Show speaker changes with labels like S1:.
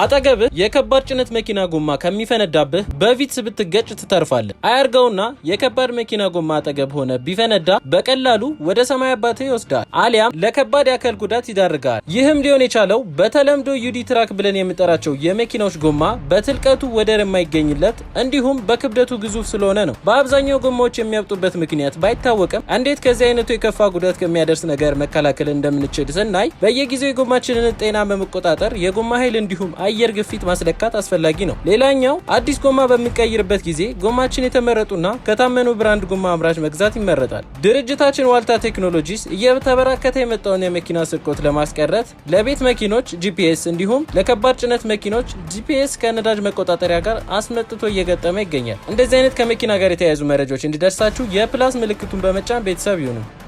S1: አጠገብህ የከባድ ጭነት መኪና ጎማ ከሚፈነዳብህ በፊት ብትገጭ ትተርፋለህ። አያርገውና የከባድ መኪና ጎማ አጠገብ ሆነ ቢፈነዳ በቀላሉ ወደ ሰማይ አባትህ ይወስዳል፣ አሊያም ለከባድ የአካል ጉዳት ይዳርጋል። ይህም ሊሆን የቻለው በተለምዶ ዩዲ ትራክ ብለን የምጠራቸው የመኪናዎች ጎማ በትልቀቱ ወደር የማይገኝለት እንዲሁም በክብደቱ ግዙፍ ስለሆነ ነው። በአብዛኛው ጎማዎች የሚያብጡበት ምክንያት ባይታወቅም እንዴት ከዚህ አይነቱ የከፋ ጉዳት ከሚያደርስ ነገር መከላከል እንደምንችል ስናይ በየጊዜው የጎማችንን ጤና በመቆጣጠር የጎማ ኃይል እንዲሁም አየር ግፊት ማስለካት አስፈላጊ ነው። ሌላኛው አዲስ ጎማ በሚቀይርበት ጊዜ ጎማችን የተመረጡና ከታመኑ ብራንድ ጎማ አምራች መግዛት ይመረጣል። ድርጅታችን ዋልታ ቴክኖሎጂስ እየተበራከተ የመጣውን የመኪና ስርቆት ለማስቀረት ለቤት መኪኖች ጂፒኤስ እንዲሁም ለከባድ ጭነት መኪኖች ጂፒኤስ ከነዳጅ መቆጣጠሪያ ጋር አስመጥቶ እየገጠመ ይገኛል። እንደዚህ አይነት ከመኪና ጋር የተያያዙ መረጃዎች እንዲደርሳችሁ የፕላስ ምልክቱን በመጫን ቤተሰብ ይሁኑ።